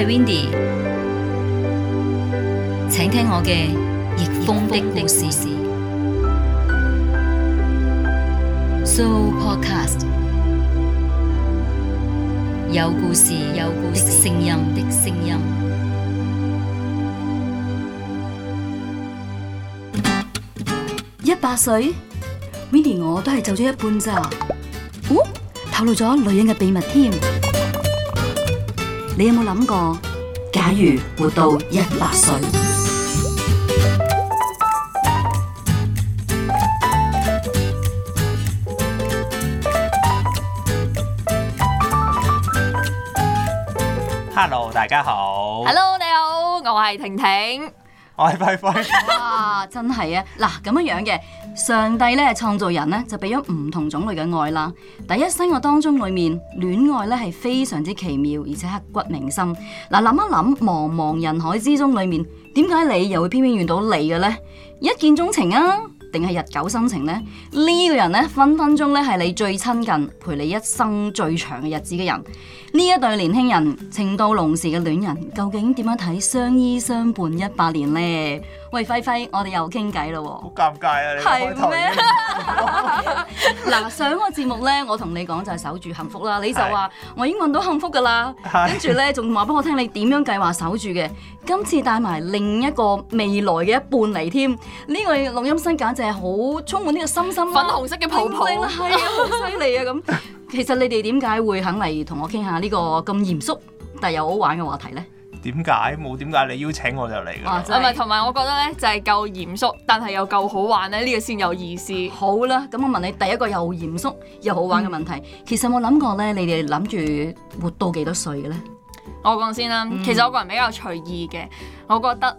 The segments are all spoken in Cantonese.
係 Windy，請聽我嘅逆風的故事。So podcast 有故事，有聲音的聲音。一百歲，Windy 我都係走咗一半咋？哦，透露咗女人嘅秘密添。你有冇諗過，假如活到一百歲？Hello，大家好。Hello，你好，我係婷婷，我係飛飛。哇，真係啊！嗱，咁樣樣嘅。上帝咧創造人咧，就俾咗唔同種類嘅愛啦。第一，生活當中裏面戀愛咧係非常之奇妙，而且刻骨銘心。嗱，諗一諗，茫茫人海之中裏面，點解你又會偏偏遇到你嘅呢？一見鐘情啊，定係日久生情呢？呢、這個人咧分分鐘咧係你最親近、陪你一生最長嘅日子嘅人。呢一對年輕人情到濃時嘅戀人，究竟點樣睇相依相伴一百年呢？喂，輝輝，我哋又傾偈咯喎！好尷尬啊！你開頭嗱，係咩 上個節目咧，我同你講就係守住幸福啦。你就話我已經揾到幸福噶啦，跟住咧仲話俾我聽你點樣計劃守住嘅。今次帶埋另一個未來嘅一半嚟添，呢個錄音室簡直係好充滿呢個深深粉紅色嘅泡泡，係啊，好犀利啊！咁 其實你哋點解會肯嚟同我傾下呢個咁嚴肅但又好玩嘅話題咧？點解冇？點解你邀請我就嚟㗎？啊，唔係，同埋我覺得咧，就係夠嚴肅，但係又夠好玩咧，呢個先有意思。好啦，咁我問你第一個又嚴肅又好玩嘅問題，嗯、其實我諗過咧，你哋諗住活到幾多歲嘅咧？我講先啦，嗯、其實我個人比較隨意嘅，我覺得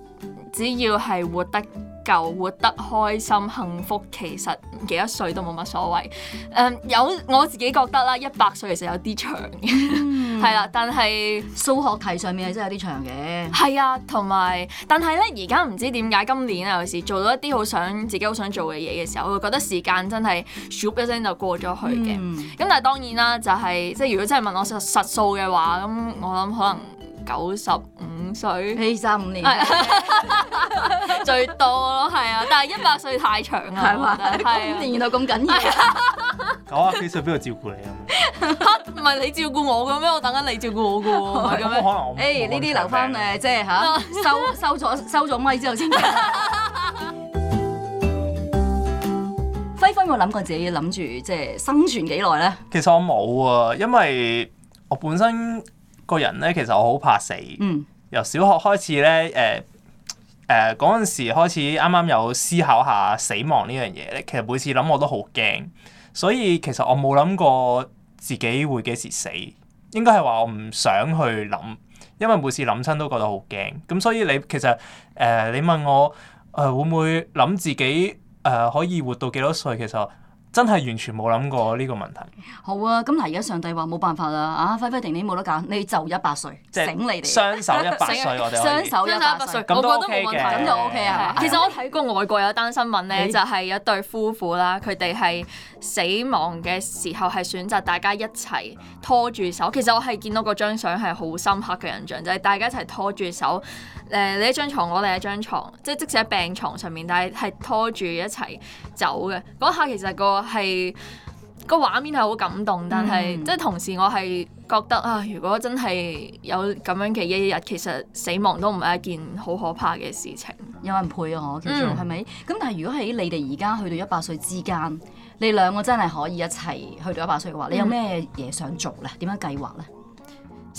只要係活得夠、活得開心、幸福，其實幾多歲都冇乜所謂。誒、um，有我自己覺得啦，一百歲其實有啲長嘅。嗯係啦，但係數學題上面係真係有啲長嘅。係啊，同埋，但係咧，而家唔知點解今年有時做到一啲好想自己好想做嘅嘢嘅時候，我會覺得時間真係咻一聲就過咗去嘅。咁、嗯、但係當然啦，就係、是、即係如果真係問我實實數嘅話，咁我諗可能。九十五歲，四十五年，係最多咯，係啊！但係一百歲太長啦，係嘛？咁原來咁緊要，九啊幾歲邊個照顧你啊？唔係你照顧我噉樣？我等緊你照顧我㗎喎。咁可能誒呢啲留翻誒，即係嚇收收咗收咗米之後先。輝輝有冇諗過自己諗住即係生存幾耐咧？其實我冇啊，因為我本身。個人咧，其實我好怕死。嗯、由小學開始咧，誒、呃、誒，嗰、呃、陣時開始，啱啱有思考下死亡呢樣嘢咧。其實每次諗我都好驚，所以其實我冇諗過自己會幾時死，應該係話我唔想去諗，因為每次諗親都覺得好驚。咁所以你其實誒、呃，你問我誒、呃、會唔會諗自己誒、呃、可以活到幾多歲？其實。真係完全冇諗過呢個問題。好啊，咁嗱，而家上帝話冇辦法啦，啊，揮揮婷，你冇得揀，你就一百歲，整、就是、你哋雙，雙手一百歲，我哋雙手一百歲，OK、我覺得冇問題，咁就 OK 啊。其實我睇過外國有單新聞咧，是就係有對夫婦啦，佢哋係死亡嘅時候係選擇大家一齊拖住手。其實我係見到嗰張相係好深刻嘅印象，就係、是、大家一齊拖住手。誒、呃，你一張床，我哋一張床，即係即使喺病床上面，但係係拖住一齊走嘅。嗰下其實、那個係個畫面係好感動，但係、嗯、即係同時我係覺得啊，如果真係有咁樣嘅一日，其實死亡都唔係一件好可怕嘅事情，有人陪我，叫做係咪？咁但係如果喺你哋而家去到一百歲之間，你兩個真係可以一齊去到一百歲嘅話，你有咩嘢想做咧？點樣計劃咧？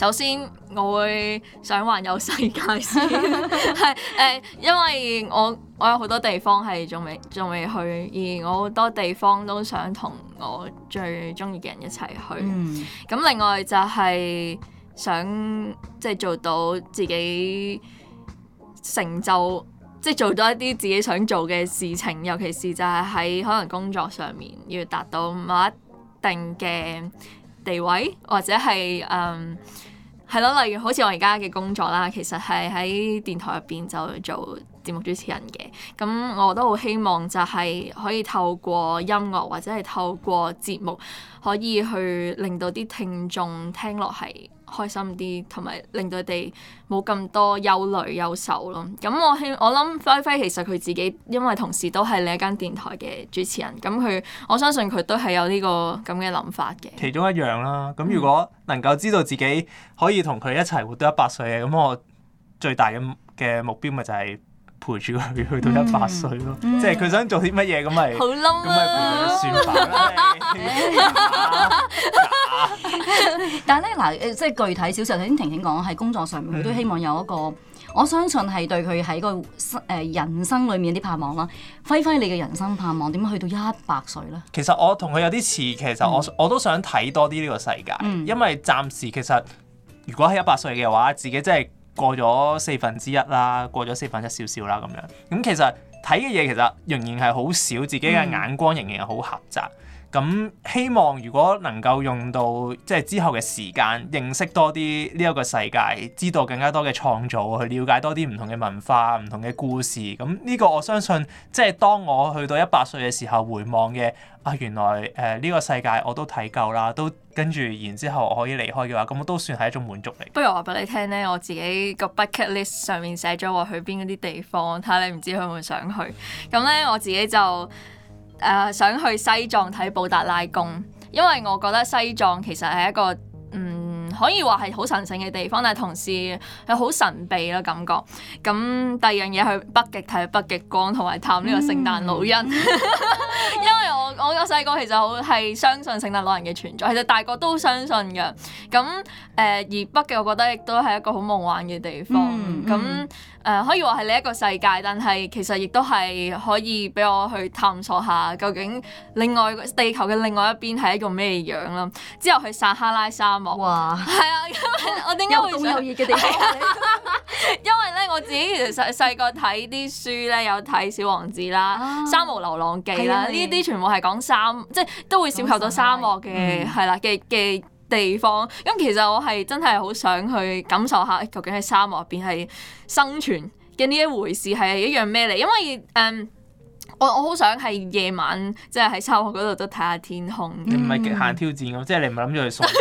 首先我會想環遊世界先，係、 呃、因為我我有好多地方係仲未仲未去，而我好多地方都想同我最中意嘅人一齊去。咁、嗯、另外就係想即係、就是、做到自己成就，即、就、係、是、做到一啲自己想做嘅事情，尤其是就係喺可能工作上面要達到某一定嘅地位，或者係嗯。係咯，例如好似我而家嘅工作啦，其實係喺電台入邊就做節目主持人嘅，咁我都好希望就係可以透過音樂或者係透過節目，可以去令到啲聽眾聽落係開心啲，同埋令到佢哋冇咁多憂慮、憂愁咯。咁我希我諗飛飛其實佢自己因為同時都係另一間電台嘅主持人，咁佢我相信佢都係有呢、這個咁嘅諗法嘅。其中一樣啦，咁如果、嗯、能夠知道自己可以同佢一齊活到一百歲嘅，咁我最大嘅嘅目標咪就係、是、～陪住佢去到一百歲咯，即係佢想做啲乜嘢咁咪，咁咪陪佢算吧啦。但係咧嗱，即係具體少少頭先婷婷講喺工作上面，佢都希望有一個，嗯、我相信係對佢喺個誒人生裡面啲盼望啦。揮揮你嘅人生盼望，點樣去到一百歲咧？其實我同佢有啲似，其實我我都想睇多啲呢個世界，因為暫時其實如果喺一百歲嘅話，自己真係。過咗四分之一啦，過咗四分一少少啦咁樣，咁其實睇嘅嘢其實仍然係好少，自己嘅眼光仍然係好狹窄。咁、嗯、希望如果能夠用到即係之後嘅時間，認識多啲呢一個世界，知道更加多嘅創造，去了解多啲唔同嘅文化、唔同嘅故事。咁、嗯、呢、這個我相信，即係當我去到一百歲嘅時候回望嘅，啊原來誒呢、呃這個世界我都睇夠啦，都跟住然之後，後我可以離開嘅話，咁、嗯、我都算係一種滿足嚟。不如我話俾你聽咧，我自己個 bucket list 上面寫咗話去邊嗰啲地方，睇下你唔知會唔會想去。咁咧我自己就。誒、呃、想去西藏睇布達拉宮，因為我覺得西藏其實係一個嗯可以話係好神聖嘅地方，但係同時係好神秘咯，感覺。咁第二樣嘢，去北極睇北極光同埋探呢個聖誕老人，嗯、 因為我我個細個其實好係相信聖誕老人嘅存在，其實大個都相信㗎。咁誒、呃、而北極我覺得亦都係一個好夢幻嘅地方。咁、嗯嗯誒、uh, 可以話係另一個世界，但係其實亦都係可以俾我去探索下，究竟另外地球嘅另外一邊係一個咩樣啦。之後去撒哈拉沙漠，係啊哇， 我點解會有凍有熱嘅地方呢？ 因為咧，我自己其實細細個睇啲書咧，有睇《小王子》啦，啊《三毛流浪記》啦，呢啲全部係講三，即係都會涉及到沙漠嘅，係啦嘅嘅。嗯地方，咁其實我係真係好想去感受下，究竟喺沙漠入邊係生存嘅呢一回事係一樣咩嚟，因為嗯。我我好想係夜晚，即係喺沙漠嗰度都睇下天空。你唔係極限挑戰咁，即係、嗯、你唔係諗住去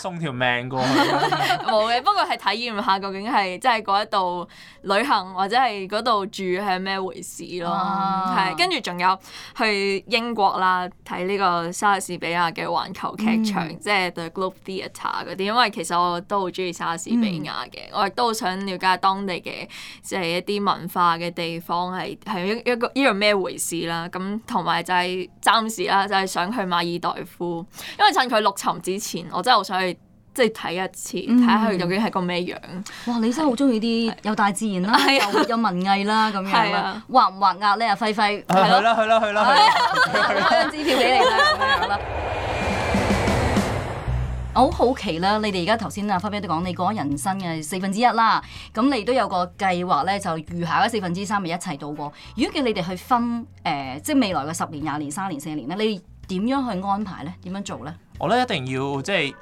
送條命過去。冇嘅，不過係體驗下究竟係即係嗰一度旅行或者係嗰度住係咩回事咯。係跟住仲有去英國啦，睇呢個莎士比亞嘅環球劇場，嗯、即係 the Globe Theatre 嗰啲。因為其實我都好中意莎士比亞嘅，嗯、我亦都好想了解當地嘅即係一啲文化嘅地方係係一一個依樣咩回事。事啦，咁同埋就係暫時啦，就係想去馬爾代夫，因為趁佢陸沉之前，我真係好想去，即係睇一次，睇下佢究竟係個咩樣。哇！你真係好中意啲有大自然啦，有有文藝啦咁樣，畫唔畫押咧啊，輝輝，去啦去啦去啦，攞張支票俾你啦，好啦。我好好奇啦，你哋而家頭先啊，花花都講你過咗人生嘅四分之一啦，咁你都有個計劃咧，就餘下四分之三咪一齊度過。如果叫你哋去分，誒、呃，即係未來嘅十年、廿年、三年、四年咧，你點樣去安排咧？點樣做咧？我覺得一定要即係。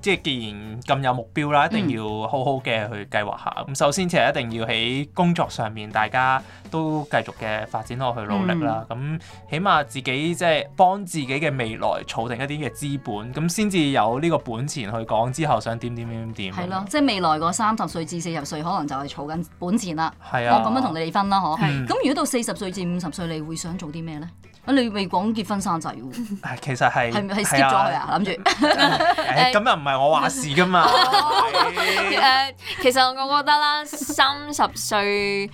即係既然咁有目標啦，一定要好好嘅去計劃下。咁、嗯、首先其實一定要喺工作上面大家都繼續嘅發展落去努力啦。咁、嗯、起碼自己即係幫自己嘅未來儲定一啲嘅資本，咁先至有呢個本錢去講之後想點點點點。係咯吧，即係未來個三十歲至四十歲，可能就係儲緊本錢啦。係啊，我咁樣同你分啦，嗬、啊。咁如果到四十歲至五十歲，你會想做啲咩咧？咁你未講結婚生仔喎？其實係係係 skip 咗佢啊，諗住算。咁又唔係我話事噶嘛。誒，其實我覺得啦，三十 歲。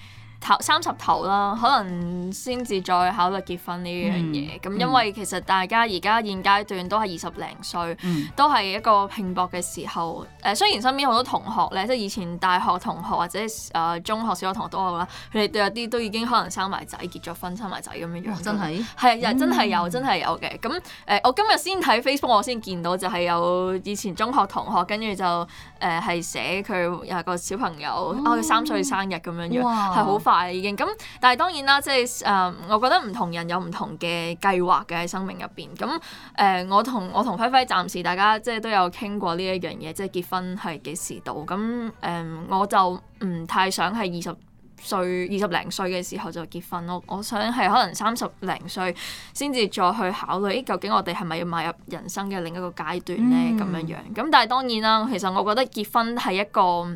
三十頭啦，可能先至再考慮結婚呢樣嘢。咁、嗯、因為其實大家而家現階段都係二十零歲，嗯、都係一個拼搏嘅時候。誒、呃，雖然身邊好多同學咧，即係以前大學同學或者誒、呃、中學、小學同學都好啦，佢哋都有啲都已經可能生埋仔、結咗婚、生埋仔咁樣樣、哦。真係係啊！真係有，真係有嘅。咁誒、呃，我今日先睇 Facebook，我先見到就係有以前中學同學，跟住就誒係、呃、寫佢有個小朋友啊，佢三歲生日咁樣樣，係好快。哇係已經咁，但係當然啦，即係誒、呃，我覺得唔同人有唔同嘅計劃嘅喺生命入邊。咁、嗯、誒，我同我同輝輝暫時大家即係都有傾過呢一樣嘢，即係結婚係幾時到？咁、嗯、誒，我就唔太想係二十歲、二十零歲嘅時候就結婚咯。我想係可能三十零歲先至再去考慮究竟我哋係咪要邁入人生嘅另一個階段咧咁樣樣。咁但係當然啦，其實我覺得結婚係一個，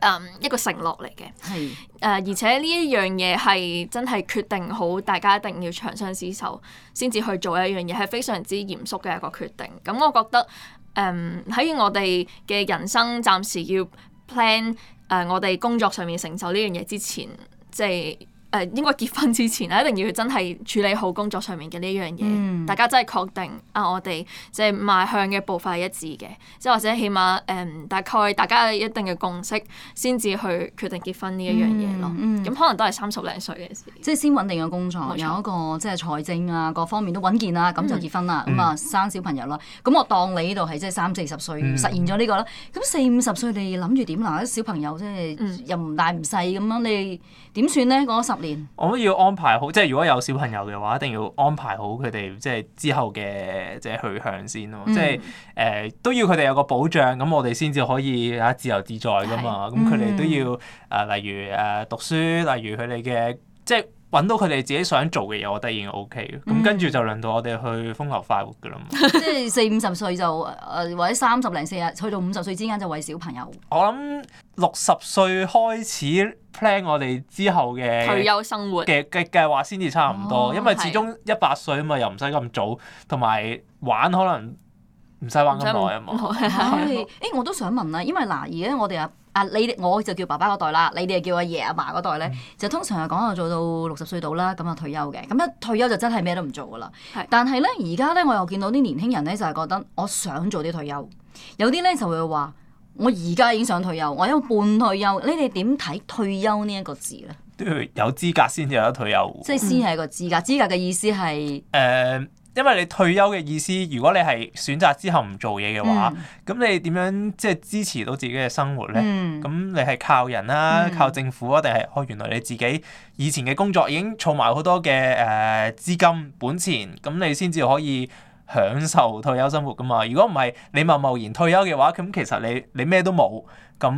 誒、um, 一個承諾嚟嘅，誒是、uh, 而且呢一樣嘢係真係決定好，大家一定要長相廝守，先至去做一樣嘢，係非常之嚴肅嘅一個決定。咁、嗯、我覺得，誒、um, 喺我哋嘅人生暫時要 plan 誒、uh, 我哋工作上面承受呢樣嘢之前，即係。誒應該結婚之前咧，一定要真係處理好工作上面嘅呢一樣嘢。嗯、大家真係確定啊，我哋即係邁向嘅步伐係一致嘅，即係或者起碼誒、嗯、大概大家有一定嘅共識，先至去決定結婚呢一樣嘢咯。咁、嗯嗯、可能都係三十零歲嘅事，即係先穩定嘅工作，冇錯、有一個即係財政啊，各方面都穩健啦、啊，咁就結婚啦，咁啊、嗯、生小朋友啦。咁、嗯、我當你呢度係即係三四十歲、嗯嗯、實現咗呢、這個啦。咁四五十歲你諗住點啦？啲小朋友即係又唔大唔細咁樣，你？點算咧？嗰十年，我要安排好，即係如果有小朋友嘅話，一定要安排好佢哋即係之後嘅即係去向先咯。即係誒、嗯呃、都要佢哋有個保障，咁我哋先至可以嚇自由自在㗎嘛。咁佢哋都要誒、呃，例如誒、呃、讀書，例如佢哋嘅即係。揾到佢哋自己想做嘅嘢、OK，我覺得已經 OK 咁跟住就輪到我哋去風流快活嘅啦。即係四五十歲就誒、呃，或者三十零四廿，去到五十歲之間就為小朋友。我諗六十歲開始 plan 我哋之後嘅退休生活嘅嘅計劃先至差唔多，哦、因為始終一百歲啊嘛，又唔使咁早，同埋的玩可能唔使玩咁耐啊嘛。誒，我都想問啦，因為嗱而家我哋啊～啊！你我就叫爸爸嗰代啦，你哋叫阿爺阿爸嗰代咧，嗯、就通常嚟講就做到六十歲到啦，咁啊退休嘅，咁一退休就真係咩都唔做噶啦。是但係咧，而家咧我又見到啲年輕人咧就係、是、覺得我想做啲退休，有啲咧就會話我而家已經想退休，我有半退休。你哋點睇退休呢一個字咧？都有資格先至有得退休，即係先係個資格。資格嘅意思係誒、嗯。因為你退休嘅意思，如果你係選擇之後唔做嘢嘅話，咁、嗯、你點樣即係支持到自己嘅生活咧？咁、嗯、你係靠人啦、啊，嗯、靠政府啊，定係哦？原來你自己以前嘅工作已經儲埋好多嘅誒、呃、資金本錢，咁你先至可以享受退休生活噶嘛？如果唔係你貿貿然退休嘅話，咁其實你你咩都冇，咁、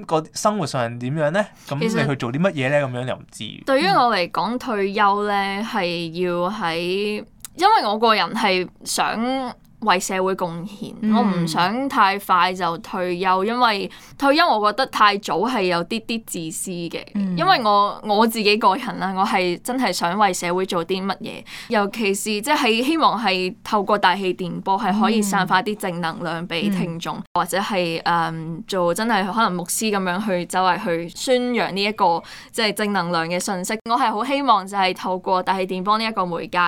那個生活上點樣咧？咁你去做啲乜嘢咧？咁樣又唔知。對於我嚟講，嗯、退休咧係要喺。因為我個人係想。為社會貢獻，嗯、我唔想太快就退休，因為退休我覺得太早係有啲啲自私嘅，嗯、因為我我自己個人啦，我係真係想為社會做啲乜嘢，尤其是即係、就是、希望係透過大氣電波係可以散發啲正能量俾聽眾，嗯嗯、或者係誒、um, 做真係可能牧師咁樣去周圍去宣揚呢一個即係、就是、正能量嘅信息，我係好希望就係透過大氣電波呢一個媒介，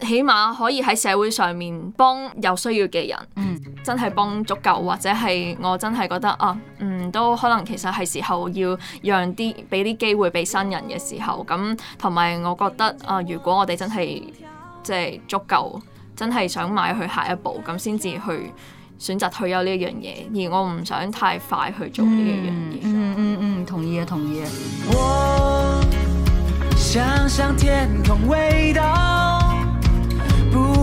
起碼可以喺社會上面幫。有需要嘅人，真係幫足夠，或者係我真係覺得啊，嗯，都可能其實係時候要讓啲俾啲機會俾新人嘅時候，咁同埋我覺得啊，如果我哋真係即係足夠，真係想買去下一步，咁先至去選擇退休呢一樣嘢，而我唔想太快去做呢一樣嘢。嗯嗯嗯，同意啊，同意啊。我想想天空味道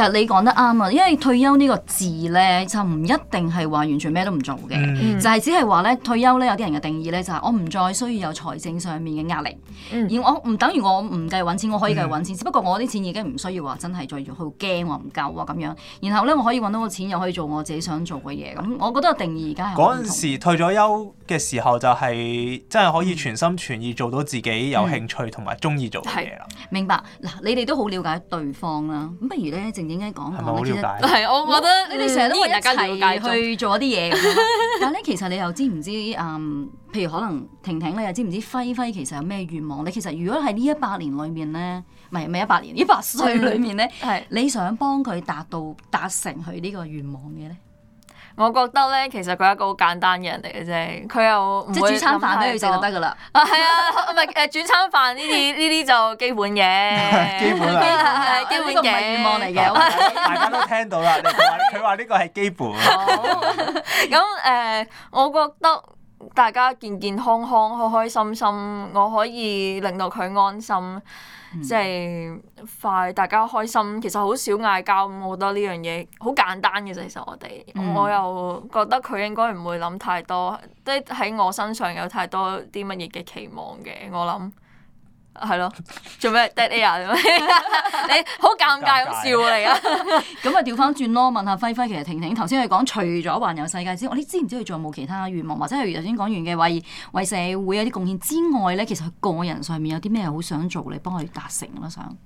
其實你講得啱啊，因為退休呢個字咧，就唔一定係話完全咩都唔做嘅、嗯，就係只係話咧退休咧有啲人嘅定義咧就係我唔再需要有財政上面嘅壓力，嗯、而我唔等於我唔繼續揾錢，我可以繼續揾錢，嗯、只不過我啲錢已經唔需要話真係再要好驚我唔夠啊，咁樣。然後咧我可以揾到個錢，又可以做我自己想做嘅嘢。咁我覺得定義而家係嗰陣時退咗休嘅時候就係真係可以全心全意做到自己有興趣同埋中意做嘅嘢、嗯嗯、明白嗱，你哋都好了解對方啦，不如咧點解講講？其實係，我覺得、嗯、你哋成日都為大家去去做一啲嘢。 但係咧，其實你又知唔知？嗯，譬如可能婷婷你又知唔知輝輝其實有咩願望？你其實如果喺呢一百年裏面咧，唔係唔係一百年，一百歲裏面咧，係 你想幫佢達到達成佢呢個願望嘅咧？我覺得咧，其實佢係一個好簡單嘅人嚟嘅啫，佢又唔會即煮餐飯俾佢食就得噶啦。啊，係啊，唔係誒，煮餐飯呢啲呢啲就基本嘅， 基本啊，係、 啊、基本嘅。呢、啊這個、願望嚟嘅， okay，大家都聽到啦。佢話呢個係基本。咁 誒、呃，我覺得大家健健康康、開開心心，我可以令到佢安心。即係快，大家開心，其實好少嗌交咁。我覺得呢樣嘢好簡單嘅啫。其實我哋，我又覺得佢應該唔會諗太多，即喺我身上有太多啲乜嘢嘅期望嘅，我諗。係咯、 啊，做咩 dead air？你好尷尬咁笑嚟你啊，咁啊調翻轉咯， 問下輝輝。其實婷婷頭先佢講除咗環遊世界之外，你知唔知佢仲有冇其他願望？或者係頭先講完嘅為為社會有啲貢獻之外咧，其實個人上面有啲咩好想做，你幫佢達成咯？想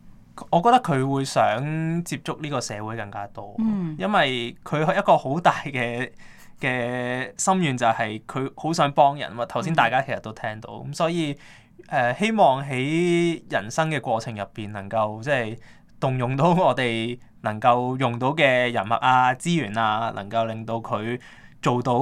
我覺得佢會想接觸呢個社會更加多，嗯、因為佢係一個好大嘅嘅心願就係佢好想幫人嘛。頭先大家其實都聽到咁，所以。誒、uh, 希望喺人生嘅過程入邊，能夠即係動用到我哋能夠用到嘅人物啊、資源啊，能夠令到佢做到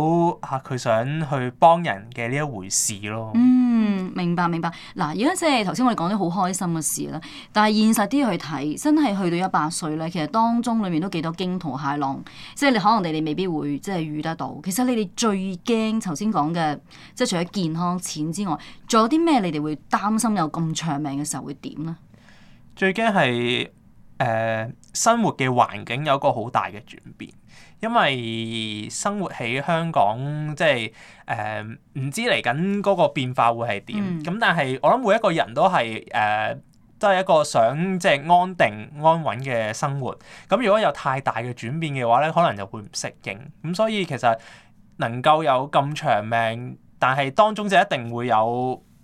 嚇佢想去幫人嘅呢一回事咯。嗯，明白明白。嗱，而家即係頭先我哋講啲好開心嘅事啦。但係現實啲去睇，真係去到一百歲咧，其實當中裡面都幾多驚濤駭浪，即係你可能你哋未必會即係遇得到。其實你哋最驚頭先講嘅，即係除咗健康、錢之外，仲有啲咩你哋會擔心？有咁長命嘅時候會點呢？最驚係誒生活嘅環境有個好大嘅轉變。因為生活喺香港，即係誒唔知嚟緊嗰個變化會係點。咁、嗯、但係我諗每一個人都係誒、呃，都係一個想即係安定安穩嘅生活。咁如果有太大嘅轉變嘅話咧，可能就會唔適應。咁所以其實能夠有咁長命，但係當中就一定會有，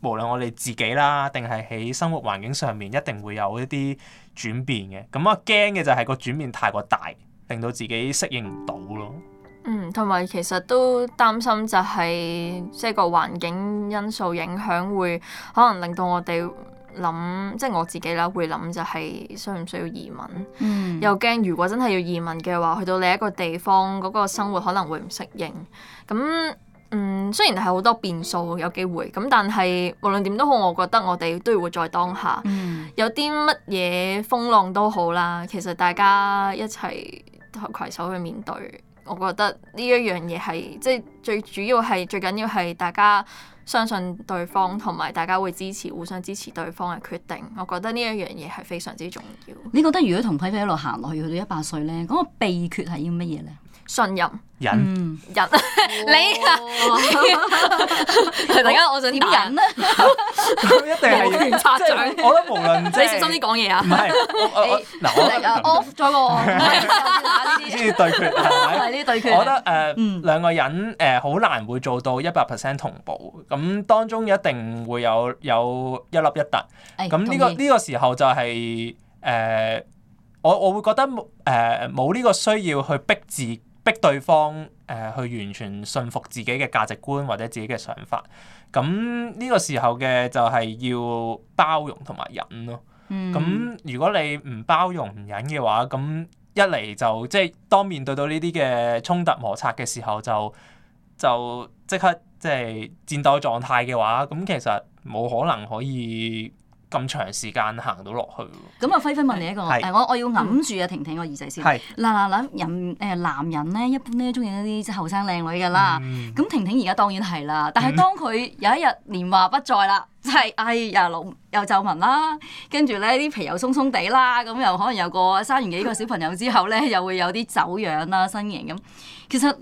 無論我哋自己啦，定係喺生活環境上面，一定會有一啲轉變嘅。咁我驚嘅就係個轉變太過大。令到自己適應唔到咯。嗯，同埋其實都擔心就係即係個環境因素影響，會可能令到我哋諗，即係我自己啦，會諗就係需唔需要移民？嗯。又驚如果真係要移民嘅話，去到另一個地方嗰個生活可能會唔適應。咁嗯，雖然係好多變數，有機會咁，但係無論點都好，我覺得我哋都要活在當下。嗯。有啲乜嘢風浪都好啦，其實大家一齊。攜手去面對，我覺得呢一樣嘢，係即最主要係最緊要係大家相信對方，同埋大家會支持互相支持對方嘅決定。我覺得呢一樣嘢係非常之重要。你覺得如果同輝輝一路行落去去到一百歲咧，嗰個秘訣係要乜嘢咧？信任人，人你啊，係大家我想點人咧？一定係完全差唔多。我覺得無論你小心啲講嘢啊，唔係我我嗱我 off 咗喎，呢啲對決係咪？呢啲對決，我覺得誒兩個人誒好難會做到一百 percent 同步，咁當中一定會有有一粒一突，咁呢個呢個時候就係誒我我會覺得誒冇呢個需要去逼自逼對方誒、呃、去完全信服自己嘅價值觀或者自己嘅想法，咁呢個時候嘅就係要包容同埋忍咯。咁、嗯、如果你唔包容唔忍嘅話，咁一嚟就即係、就是、當面對到呢啲嘅衝突摩擦嘅時候就，就就即刻即係戰鬥狀態嘅話，咁其實冇可能可以.咁長時間行到落去喎。咁啊，輝輝問你一個，誒是、哎，我我要揞住啊，婷婷個耳仔先。係是。嗱嗱嗱，人誒、呃、男人咧，一般咧，中意一啲即後生靚女㗎啦。咁婷婷而家當然係啦。但係當佢有一日年華不再啦，即係、嗯就是、哎呀，六又皺紋啦，跟住咧啲皮又鬆鬆地啦，咁又可能有個生完幾個小朋友之後咧，又會有啲走樣啦，身形咁。其實。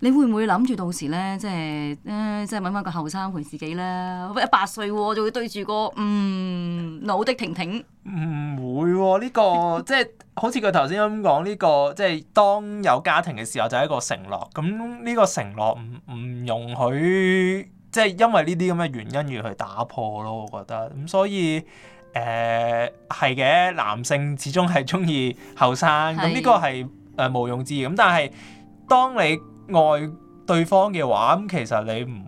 你會唔會諗住到時咧，即係咧、呃，即係搵返個後生陪自己咧？一百歲喎、啊，仲要對住個嗯老的婷婷？唔會喎、啊，呢、呢個即係好似佢頭先咁講，呢、呢個即係當有家庭嘅時候就係一個承諾。咁呢個承諾唔唔容許，即係因為呢啲咁嘅原因而去打破咯。我覺得咁，所以誒係嘅，男性始終係中的、呃、意後生。咁呢個係誒毋庸置疑。咁但係當你愛對方嘅話，咁其實你唔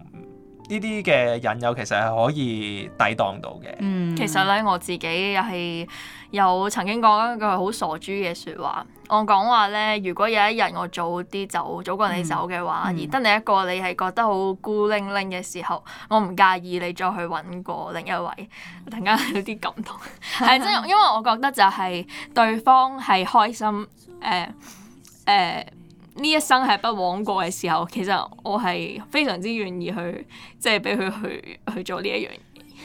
呢啲嘅引誘，其實係可以抵擋到嘅。嗯，其實咧我自己又係有曾經講一句好傻豬嘅說話，我講話咧，如果有一日我早啲走，早過你走嘅話，嗯、而得你一個，你係覺得好孤零零嘅時候，我唔介意你再去揾過另一位。突然間有啲感動，係 真，因為我覺得就係對方係開心，誒、呃、誒。呃呢一生係不枉過嘅時候，其實我係非常之願意去，即係俾佢去去做呢一樣嘢。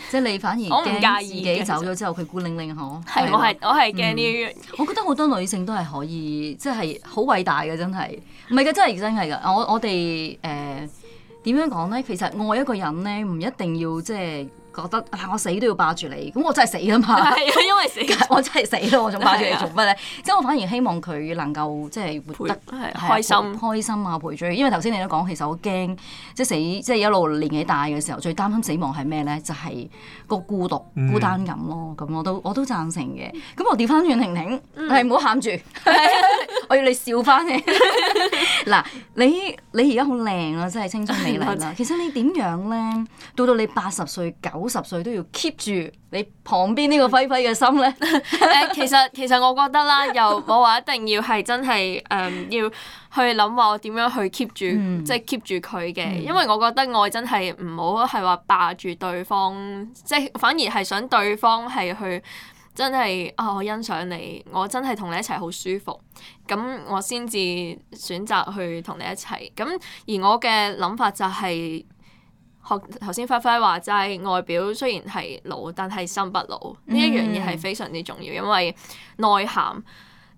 即係你反而更加唔介意自己走咗之後，佢孤零零呵。係的，我係我係驚呢樣。我覺得好多女性都係可以，即係好偉大嘅，真係。唔係嘅，真係真係㗎。我我哋誒點樣講咧？其實愛一個人咧，唔一定要即係。覺得我死都要霸住你，咁我真係死啦嘛！係啊，因為死， 我死，我真係死咯，我仲霸住你做乜咧？即係我反而希望佢能夠即係、就是、活得開心、開心啊，陪住。因為頭先你都講，其實我驚即係死，即係一路年紀大嘅時候，最擔心死亡係咩咧？就係、是、個孤獨、嗯、孤單咁咯。咁我都我都贊成嘅。咁我調翻轉婷婷，係唔好喊住，我要你笑翻嘅。嗱， 你你而家好靚啊，真係青春美麗啦！ 其實你點樣咧？到到你八十歲九，五十歲都要 keep 住你旁邊呢個輝輝嘅心咧？誒 其實其實我覺得啦，又冇話一定要係真係誒、呃，要去諗話我點樣去 keep 住，嗯、即係 keep 住佢嘅。嗯、因為我覺得愛真係唔好係話霸住對方，即、就、係、是、反而係想對方係去真係啊，我欣賞你，我真係同你一齊好舒服，咁我先至選擇去同你一齊。咁而我嘅諗法就係、是。學頭先輝輝話齋，外表雖然係老，但係心不老，呢、嗯、一樣嘢係非常之重要，因為內涵，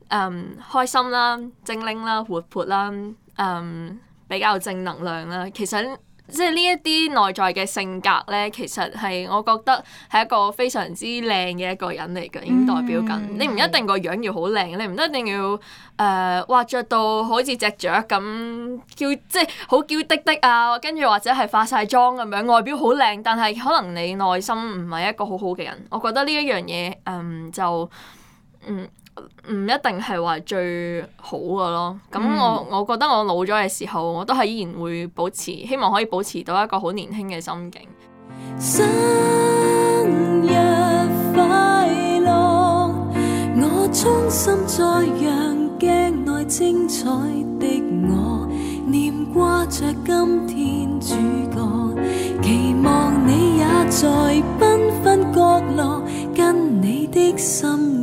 嗯，開心啦，精靈啦，活潑啦，嗯，比較正能量啦，其實。即係呢一啲內在嘅性格咧，其實係我覺得係一個非常之靚嘅一個人嚟嘅，已經代表緊。嗯、你唔一定個樣要好靚，的你唔一定要誒畫著到好似隻雀咁嬌，即係好嬌滴滴啊！跟住或者係化晒妝咁樣外表好靚，但係可能你內心唔係一個好好嘅人。我覺得呢一樣嘢，嗯，就嗯。唔一定係話最好嘅咯，咁我我覺得我老咗嘅時候，我都係依然會保持，希望可以保持到一個好年輕嘅心境。生日快樂！我衷心在讓鏡內精彩的我念掛着今天主角，期望你也在繽紛角落，跟你的心。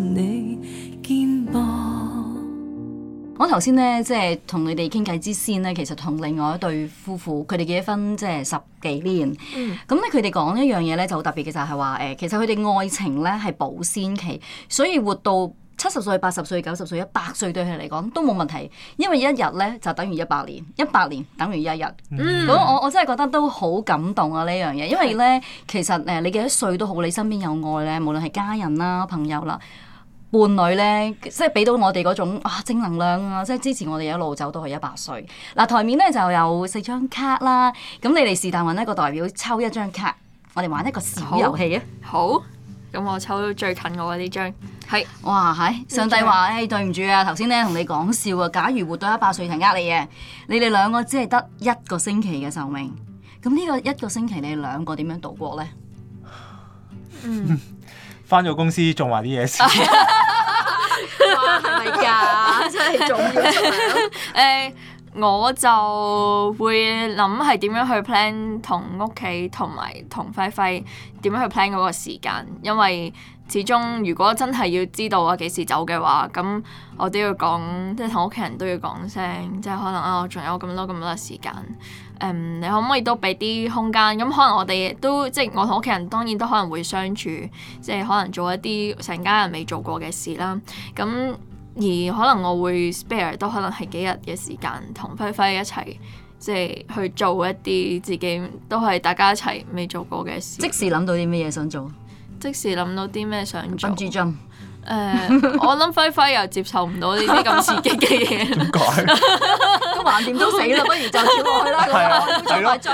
我頭先咧，即係同你哋傾偈之先咧，其實同另外一對夫婦，佢哋結婚即係十幾年。咁咧、嗯，佢哋講一樣嘢咧，就好特別嘅就係話誒，其實佢哋愛情咧係保鮮期，所以活到七十歲、八十歲、九十歲、一百歲對佢嚟講都冇問題，因為一日咧就等於一百年，一百年等於一日。咁、嗯、我我真係覺得都好感動啊，呢樣嘢，因為咧是其實誒你幾多歲都好，你身邊有愛咧，無論係家人啦、朋友啦。伴侶呢，即係俾到我哋嗰種啊正能量啊，即係支持我哋一路走到去一百歲。嗱、啊、台面呢就有四張卡啦，咁你哋是但搵一個代表抽一張卡，我哋玩一個小遊戲啊。好，咁我抽到最近我呢張。係，哇係！張上帝話：誒、欸、對唔住啊，頭先呢同你講笑啊。假如活到一百歲係呃你嘅，你哋兩個只係得一個星期嘅壽命。咁呢個一個星期你哋兩個點樣度過呢？」嗯。 翻咗公司仲話啲嘢事， 係咪㗎？ 真係重要。誒、 欸，我就會諗係點樣去 plan 同屋企同埋同輝輝點樣去 plan 嗰個時間，因為。始終如果真係要知道我幾時走嘅話，咁我都要講，即係同屋企人都要講聲，即係可能啊，我仲有咁多咁多時間，誒、嗯，你可唔可以都俾啲空間？咁、嗯、可能我哋都即係我同屋企人當然都可能會相處，即係可能做一啲成家人未做過嘅事啦。咁、嗯、而可能我會 spare 都可能係幾日嘅時間、er，同輝輝一齊即係去做一啲自己都係大家一齊未做過嘅事。即時諗到啲咩嘢想做？即時諗到啲咩想做？誒，我諗輝輝又接受唔到呢啲咁刺激嘅嘢。點解？都橫掂都死啦，不如就跳落去啦。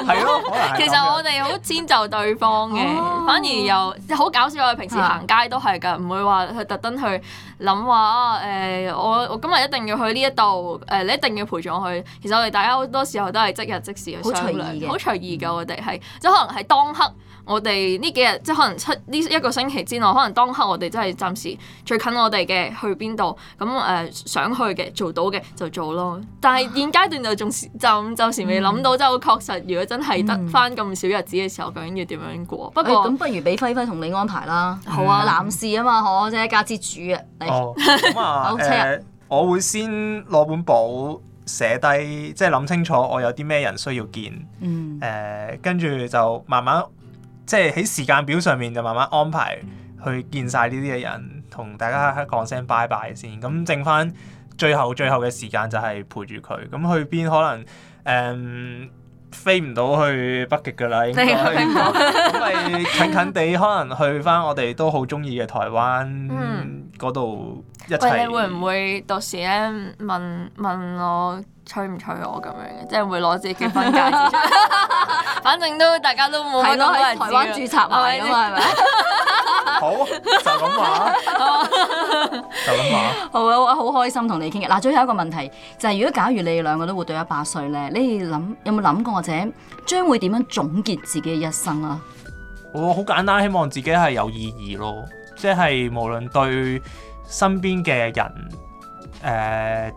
係咯。其實我哋好遷就對方嘅，反而又好搞笑。我哋平時行街都係㗎，唔會話去特登去諗話啊誒，我我今日一定要去呢一度，誒你一定要陪住我去。其實我哋大家好多時候都係即日即時去商量嘅，好隨意嘅。我哋係即可能係當刻。我哋呢幾日即係可能七呢一個星期之內，可能當刻我哋真係暫時最近我哋嘅去邊度咁，誒想去嘅做到嘅就做咯。但係現階段就仲暫暫時未諗到，即就、嗯、確實如果真係得翻咁少日子嘅時候，究竟要點樣過？不過咁、欸、不如俾輝輝同你安排啦。好啊，男、嗯、士啊嘛，好、啊，即係一家之主啊。嚟，哦、 好車、呃，我會先攞本簿寫低，即係諗清楚我有啲咩人需要見。嗯。呃、跟住就慢慢。即係喺時間表上面就慢慢安排去見晒呢啲嘅人，同大家講聲拜拜先。咁剩翻最後最後嘅時間就係陪住佢。咁去邊可能誒、呃、飛唔到去北極㗎啦，應該，因為 近近地可能去翻我哋都好中意嘅台灣嗰度、嗯、一齊。你會唔會到時咧問問我？吹唔吹我咁樣嘅，即係會攞自己結婚戒指出嚟。反正都大家都冇喺台灣註冊埋咁，係咪？好，就咁話，就咁話。好啊，我好開心同你傾嘅。嗱，最後一個問題就係，如果假如你哋兩個都活到一百歲咧，你哋諗有冇諗過或者將會點樣總結自己嘅一生呀？我好簡單，希望自己係有意義咯，即係無論對身邊嘅人，誒。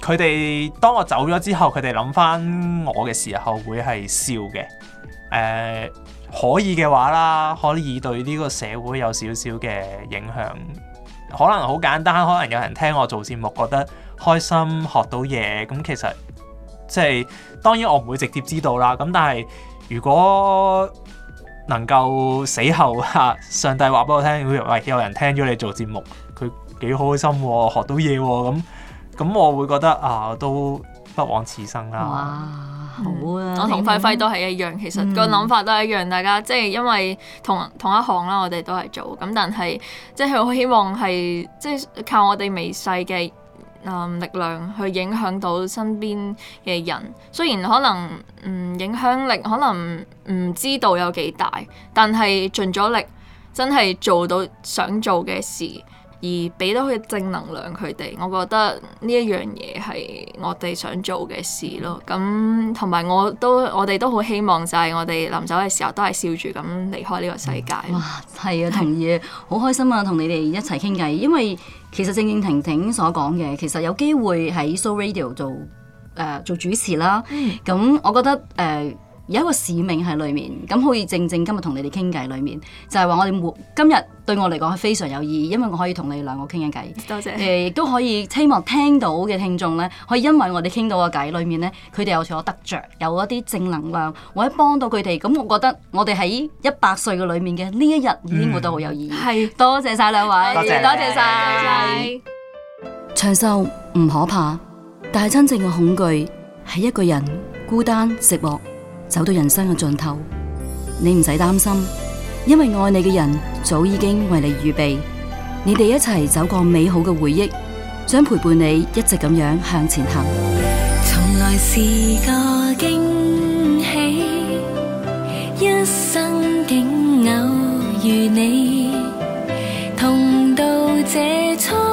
佢哋當我走咗之後，佢哋諗翻我嘅時候會係笑嘅。誒、呃，可以嘅話啦，可以對呢個社會有少少嘅影響。可能好簡單，可能有人聽我做節目覺得開心、學到嘢。咁其實即係、就是、當然我唔會直接知道啦。咁但係如果能夠死後嚇 上帝話俾我聽，喂，有人聽咗你做節目，佢幾開心喎，學到嘢喎咁。咁我會覺得啊，都不枉此生啦、啊！哇，嗯、好啊！我、嗯、同輝輝都係一樣，其實個諗法都係一樣。嗯、大家即係因為同同一行啦，我哋都係做咁，但係即係好希望係即係靠我哋微細嘅嗯力量去影響到身邊嘅人。雖然可能嗯影響力可能唔知道有幾大，但係盡咗力，真係做到想做嘅事。而俾到佢正能量，佢哋，我覺得呢一樣嘢係我哋想做嘅事咯。咁同埋我都，我哋都好希望就係我哋臨走嘅時候都係笑住咁離開呢個世界。嗯、哇，係啊，同意好 開心啊，同你哋一齊傾偈。因為其實正正婷婷所講嘅，其實有機會喺 So Radio 做誒、呃、做主持啦。咁、嗯嗯、我覺得誒。呃有一個使命喺裏面，咁可以正正今日同你哋傾偈。裏面就係、是、話我哋活今日對我嚟講係非常有意義，因為我可以同你兩個傾一偈。多謝，亦、呃、都可以希望聽到嘅聽眾呢，可以因為我哋傾到個偈，裏面呢，佢哋有所得着有一啲正能量，或者幫到佢哋。咁我覺得我哋喺一百歲嘅裏面嘅呢一日已經活得好有意義。係、嗯、多謝晒兩位，多謝晒。長壽唔可怕，但係真正嘅恐懼係一個人孤單寂寞。走到人生嘅盡頭，你唔使擔心，因為愛你嘅人早已經為你預備，你哋一齊走過美好嘅回憶，想陪伴你一直咁樣向前行。從來是個驚喜，一生竟偶遇你，同到這初。